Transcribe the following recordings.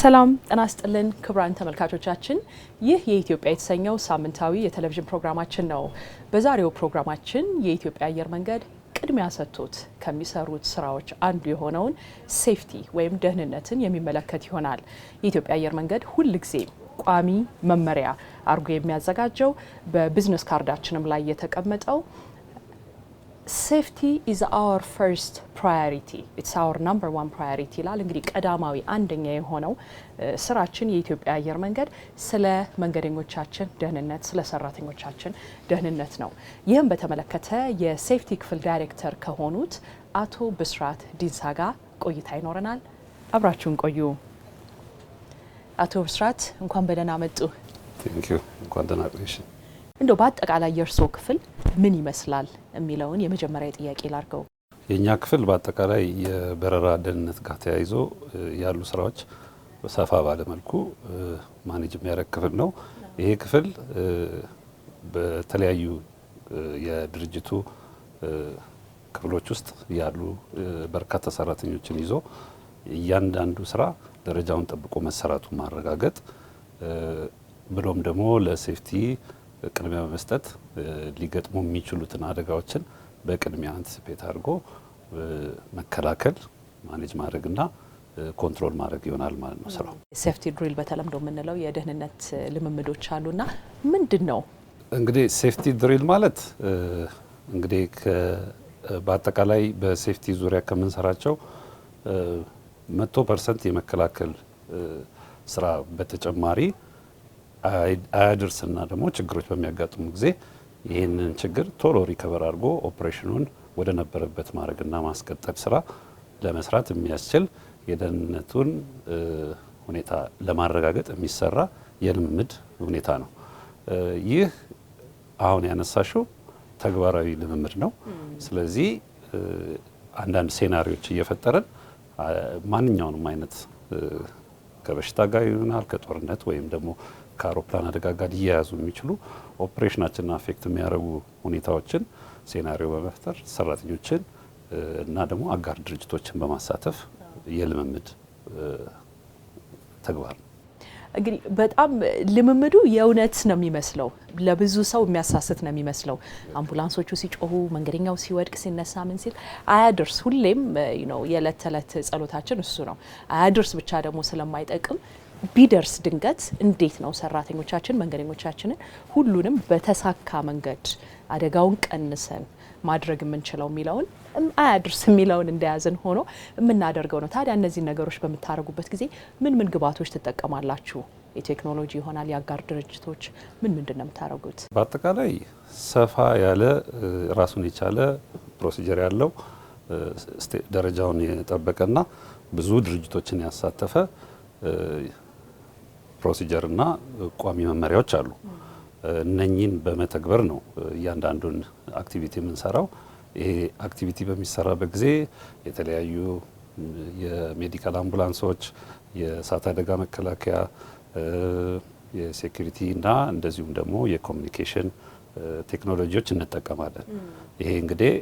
ሰላም ጤና ይስጥልን ክቡራን ተመልካቾቻችን፣ ይህ የኢትዮጵያ የተሰኘው ሳምንታዊ የቴሌቪዥን ፕሮግራማችን ነው። በዛሬው ፕሮግራማችን የኢትዮጵያ አየር መንገድ ቅድሚያ ሰጥቶት ከሚሰሩት ስራዎች አንዱ የሆነውን ሴፍቲ ወይም ደህንነትን የሚመለከት ይሆናል። የኢትዮጵያ አየር መንገድ ሁልጊዜ ቋሚ መመሪያ አድርጎ የሚያዘጋጀው በቢዝነስ ካርዳችንም ላይ የተቀመጠው ሴፍቲ ኢዝ አወር ፈርስት ፕራዮሪቲ ኢትስ አወር ናምበር ዋን ፕራዮሪቲ ይላል። እንግዲህ ቀዳማዊ አንደኛ የሆነው ስራችን የኢትዮጵያ አየር መንገድ ስለ መንገደኞቻችን ደህንነት፣ ስለ ሰራተኞቻችን ደህንነት ነው። ይህም በተመለከተ የሴፍቲ ክፍል ዳይሬክተር ከሆኑት አቶ ብስራት ዲንሳ ጋር ቆይታ ይኖረናል። አብራችሁን ቆዩ። አቶ ብስራት እንኳን በደህና መጡ። እንኳን ደህና ቆይሽ። እንደው በአጠቃላይ የእርስዎ ክፍል ምን ይመስላል የሚለውን የመጀመሪያ ጥያቄ ላርገው። የእኛ ክፍል በአጠቃላይ የበረራ ደህንነት ጋር ተያይዞ ያሉ ስራዎች ሰፋ ባለመልኩ ማኔጅ የሚያደርግ ክፍል ነው። ይሄ ክፍል በተለያዩ የድርጅቱ ክፍሎች ውስጥ ያሉ በርካታ ሰራተኞችን ይዞ እያንዳንዱ ስራ ደረጃውን ጠብቆ መሰራቱ ማረጋገጥ ብሎም ደግሞ ለሴፍቲ ቅድሚያ በመስጠት ሊገጥሙ የሚችሉትን አደጋዎችን በቅድሚያ አንቲስፔት አድርጎ መከላከል ማኔጅ ማድረግና ኮንትሮል ማድረግ ይሆናል ማለት ነው ስራው። ሴፍቲ ድሪል በተለምዶ የምንለው የደህንነት ልምምዶች አሉና ምንድን ነው እንግዲህ ሴፍቲ ድሪል ማለት እንግዲህ በአጠቃላይ በሴፍቲ ዙሪያ ከምንሰራቸው መቶ ፐርሰንት የመከላከል ስራ በተጨማሪ አያድርስና ደግሞ ችግሮች በሚያጋጥሙ ጊዜ ይህንን ችግር ቶሎ ሪከቨር አድርጎ ኦፕሬሽኑን ወደ ነበረበት ማድረግና ማስቀጠል ስራ ለመስራት የሚያስችል የደህንነቱን ሁኔታ ለማረጋገጥ የሚሰራ የልምምድ ሁኔታ ነው። ይህ አሁን ያነሳሽው ተግባራዊ ልምምድ ነው። ስለዚህ አንዳንድ ሴናሪዎች እየፈጠረን ማንኛውንም አይነት ከበሽታ ጋር ይሆናል፣ ከጦርነት ወይም ደግሞ ከአውሮፕላን አደጋ ጋር ሊያያዙ የሚችሉ ኦፕሬሽናችንን አፌክት የሚያደርጉ ሁኔታዎችን ሴናሪዮ በመፍጠር ሰራተኞችን እና ደግሞ አጋር ድርጅቶችን በማሳተፍ የልምምድ ተግባር ነው። እንግዲህ በጣም ልምምዱ የእውነት ነው የሚመስለው፣ ለብዙ ሰው የሚያሳስት ነው የሚመስለው። አምቡላንሶቹ ሲጮሁ፣ መንገደኛው ሲወድቅ ሲነሳ ምን ሲል አያድርስ። ሁሌም የዕለት ተዕለት ጸሎታችን እሱ ነው። አያድርስ ብቻ ደግሞ ስለማይጠቅም ቢደርስ ድንገት እንዴት ነው ሰራተኞቻችን መንገደኞቻችንን ሁሉንም በተሳካ መንገድ አደጋውን ቀንሰን ማድረግ የምንችለው የሚለውን አያድርስ የሚለውን እንደያዝን ሆኖ የምናደርገው ነው። ታዲያ እነዚህን ነገሮች በምታደርጉበት ጊዜ ምን ምን ግብዓቶች ትጠቀማላችሁ? የቴክኖሎጂ ይሆናል፣ የአጋር ድርጅቶች ምን ምንድን ነው የምታደርጉት? በአጠቃላይ ሰፋ ያለ ራሱን የቻለ ፕሮሲጀር ያለው ደረጃውን የጠበቀና ብዙ ድርጅቶችን ያሳተፈ ፕሮሲጀር እና ቋሚ መመሪያዎች አሉ። እነኚህን በመተግበር ነው እያንዳንዱን አክቲቪቲ የምንሰራው። ይሄ አክቲቪቲ በሚሰራበት ጊዜ የተለያዩ የሜዲካል አምቡላንሶች፣ የእሳት አደጋ መከላከያ፣ የሴኩሪቲ እና እንደዚሁም ደግሞ የኮሚኒኬሽን ቴክኖሎጂዎች እንጠቀማለን። ይሄ እንግዲህ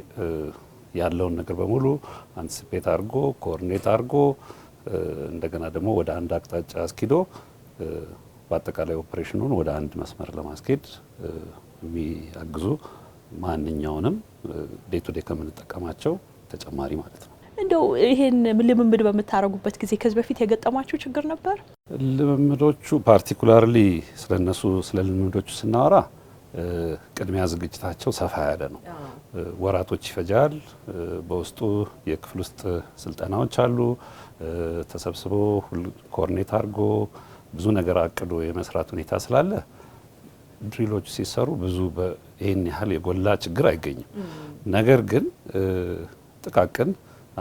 ያለውን ነገር በሙሉ አንቲስፔት አድርጎ ኮኦርዲኔት አድርጎ እንደገና ደግሞ ወደ አንድ አቅጣጫ አስኪዶ በአጠቃላይ ኦፕሬሽኑን ወደ አንድ መስመር ለማስኬድ የሚያግዙ ማንኛውንም ዴይ ቱ ዴይ ከምንጠቀማቸው ተጨማሪ ማለት ነው። እንደው ይሄን ልምምድ በምታደርጉበት ጊዜ ከዚህ በፊት የገጠማችሁ ችግር ነበር? ልምምዶቹ ፓርቲኩላርሊ ስለነሱ ስለ ልምምዶቹ ስናወራ ቅድሚያ ዝግጅታቸው ሰፋ ያለ ነው። ወራቶች ይፈጃል። በውስጡ የክፍል ውስጥ ስልጠናዎች አሉ። ተሰብስቦ ኮርኔት አድርጎ ብዙ ነገር አቅዶ የመስራት ሁኔታ ስላለ ድሪሎች ሲሰሩ ብዙ ይህን ያህል የጎላ ችግር አይገኝም። ነገር ግን ጥቃቅን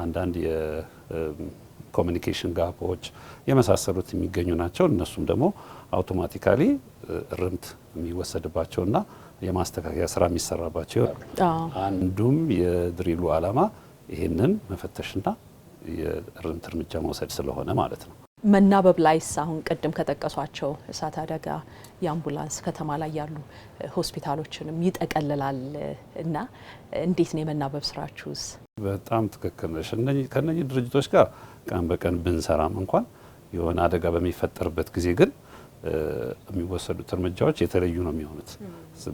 አንዳንድ የኮሚኒኬሽን ጋፖች የመሳሰሉት የሚገኙ ናቸው። እነሱም ደግሞ አውቶማቲካሊ እርምት የሚወሰድባቸውና የማስተካከያ ስራ የሚሰራባቸው አንዱም የድሪሉ ዓላማ ይህንን መፈተሽና የእርምት እርምጃ መውሰድ ስለሆነ ማለት ነው። መናበብ ላይ አሁን ቅድም ከጠቀሷቸው እሳት አደጋ የአምቡላንስ ከተማ ላይ ያሉ ሆስፒታሎችንም ይጠቀልላል እና እንዴት ነው የመናበብ ስራችሁስ? በጣም ትክክል ነሽ። ከእነኚህ ድርጅቶች ጋር ቀን በቀን ብንሰራም እንኳን የሆነ አደጋ በሚፈጠርበት ጊዜ ግን የሚወሰዱት እርምጃዎች የተለዩ ነው የሚሆኑት።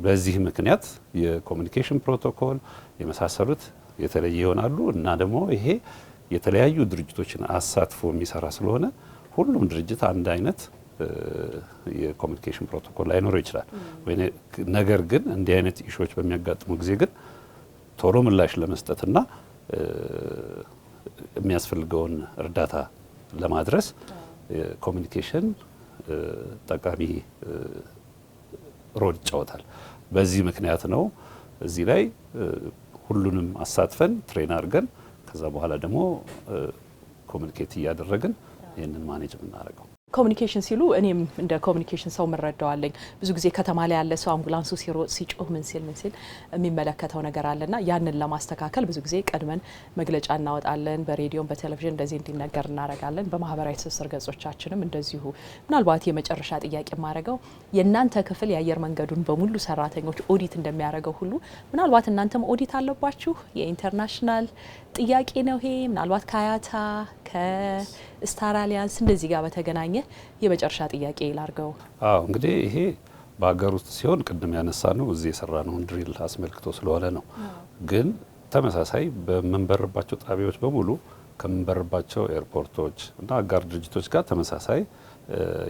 በዚህ ምክንያት የኮሚኒኬሽን ፕሮቶኮል የመሳሰሉት የተለየ ይሆናሉ እና ደግሞ ይሄ የተለያዩ ድርጅቶችን አሳትፎ የሚሰራ ስለሆነ ሁሉም ድርጅት አንድ አይነት የኮሚኒኬሽን ፕሮቶኮል ላይኖረው ይችላል። ነገር ግን እንዲህ አይነት ኢሾዎች በሚያጋጥሙ ጊዜ ግን ቶሎ ምላሽ ለመስጠትና የሚያስፈልገውን እርዳታ ለማድረስ ኮሚኒኬሽን ጠቃሚ ሮል ይጫወታል። በዚህ ምክንያት ነው እዚህ ላይ ሁሉንም አሳትፈን ትሬን አድርገን ከዛ በኋላ ደግሞ ኮሚኒኬት እያደረግን ይህንን ማኔጅ የምናደርገው። ኮሚኒኬሽን ሲሉ እኔም እንደ ኮሚኒኬሽን ሰው ምረዳዋለኝ ብዙ ጊዜ ከተማ ላይ ያለ ሰው አምቡላንሱ ሲሮጥ ሲጮህ ምን ሲል ምን ሲል የሚመለከተው ነገር አለና ያንን ለማስተካከል ብዙ ጊዜ ቀድመን መግለጫ እናወጣለን። በሬዲዮም በቴሌቪዥን እንደዚህ እንዲነገር እናደርጋለን። በማህበራዊ ትስስር ገጾቻችንም እንደዚሁ። ምናልባት የመጨረሻ ጥያቄ የማደርገው የእናንተ ክፍል የአየር መንገዱን በሙሉ ሰራተኞች ኦዲት እንደሚያደርገው ሁሉ ምናልባት እናንተም ኦዲት አለባችሁ። የኢንተርናሽናል ጥያቄ ነው ይሄ ምናልባት ካያታ ከስታር አሊያንስ እንደዚህ ጋር በተገናኘ የመጨረሻ ጥያቄ ላርገው። አዎ እንግዲህ ይሄ በሀገር ውስጥ ሲሆን ቅድም ያነሳ ነው እዚህ የሰራ ነውን ድሪል አስመልክቶ ስለሆነ ነው። ግን ተመሳሳይ በምንበርባቸው ጣቢያዎች በሙሉ ከምንበርባቸው ኤርፖርቶች እና አጋር ድርጅቶች ጋር ተመሳሳይ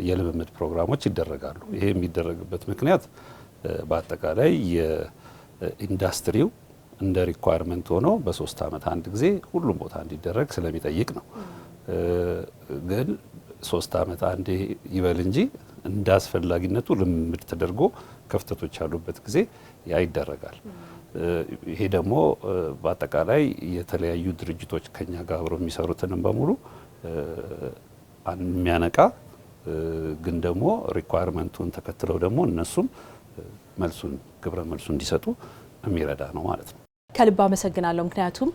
የልምምድ ፕሮግራሞች ይደረጋሉ። ይሄ የሚደረግበት ምክንያት በአጠቃላይ የኢንዱስትሪው እንደ ሪኳየርመንት ሆኖ በሶስት ዓመት አንድ ጊዜ ሁሉም ቦታ እንዲደረግ ስለሚጠይቅ ነው። ግን ሶስት ዓመት አንዴ ይበል እንጂ እንደ አስፈላጊነቱ ልምምድ ተደርጎ ክፍተቶች ያሉበት ጊዜ ያ ይደረጋል። ይሄ ደግሞ በአጠቃላይ የተለያዩ ድርጅቶች ከኛ ጋር አብረው የሚሰሩትንም በሙሉ የሚያነቃ ግን ደግሞ ሪኳየርመንቱን ተከትለው ደግሞ እነሱም መልሱን ግብረ መልሱ እንዲሰጡ የሚረዳ ነው ማለት ነው። ከልብ አመሰግናለሁ። ምክንያቱም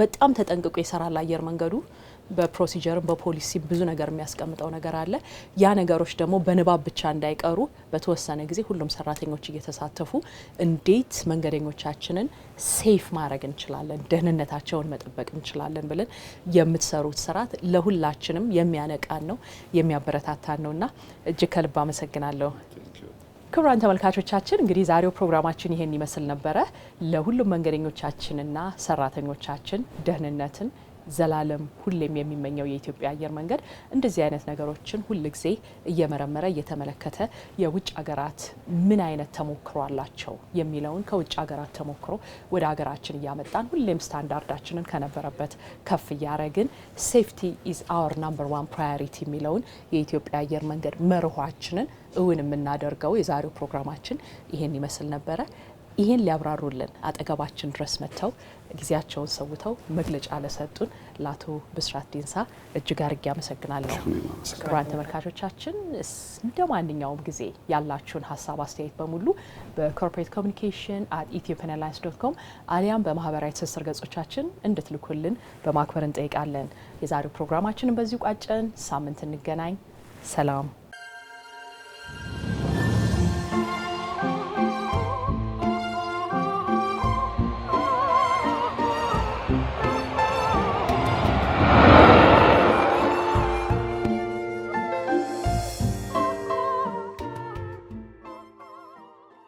በጣም ተጠንቅቆ ይሰራል አየር መንገዱ በፕሮሲጀርም በፖሊሲም ብዙ ነገር የሚያስቀምጠው ነገር አለ። ያ ነገሮች ደግሞ በንባብ ብቻ እንዳይቀሩ በተወሰነ ጊዜ ሁሉም ሰራተኞች እየተሳተፉ እንዴት መንገደኞቻችንን ሴፍ ማድረግ እንችላለን፣ ደህንነታቸውን መጠበቅ እንችላለን ብለን የምትሰሩት ስራት ለሁላችንም የሚያነቃን ነው የሚያበረታታን ነውና እጅግ ከልብ አመሰግናለሁ። ክቡራን ተመልካቾቻችን እንግዲህ ዛሬው ፕሮግራማችን ይሄን ይመስል ነበረ። ለሁሉም መንገደኞቻችንና ሰራተኞቻችን ደህንነትን ዘላለም ሁሌም የሚመኘው የኢትዮጵያ አየር መንገድ እንደዚህ አይነት ነገሮችን ሁልጊዜ እየመረመረ እየተመለከተ የውጭ ሀገራት ምን አይነት ተሞክሮ አላቸው የሚለውን ከውጭ ሀገራት ተሞክሮ ወደ ሀገራችን እያመጣን ሁሌም ስታንዳርዳችንን ከነበረበት ከፍ እያረግን ሴፍቲ ኢዝ አወር ናምበር ዋን ፕራዮሪቲ የሚለውን የኢትዮጵያ አየር መንገድ መርኋችንን እውን የምናደርገው የዛሬው ፕሮግራማችን ይሄን ይመስል ነበረ። ይህን ሊያብራሩልን አጠገባችን ድረስ መጥተው ጊዜያቸውን ሰውተው መግለጫ ለሰጡን ለአቶ ብስራት ዲንሳ እጅግ አርጌ አመሰግናለሁ። ክቡራን ተመልካቾቻችን እንደ ማንኛውም ጊዜ ያላችሁን ሀሳብ፣ አስተያየት በሙሉ በኮርፖሬት ኮሚኒኬሽን አት ኢትዮፒያን ኤርላይንስ ዶት ኮም አሊያም በማህበራዊ ትስስር ገጾቻችን እንድትልኩልን በማክበር እንጠይቃለን። የዛሬው ፕሮግራማችንን በዚሁ ቋጨን። ሳምንት እንገናኝ። ሰላም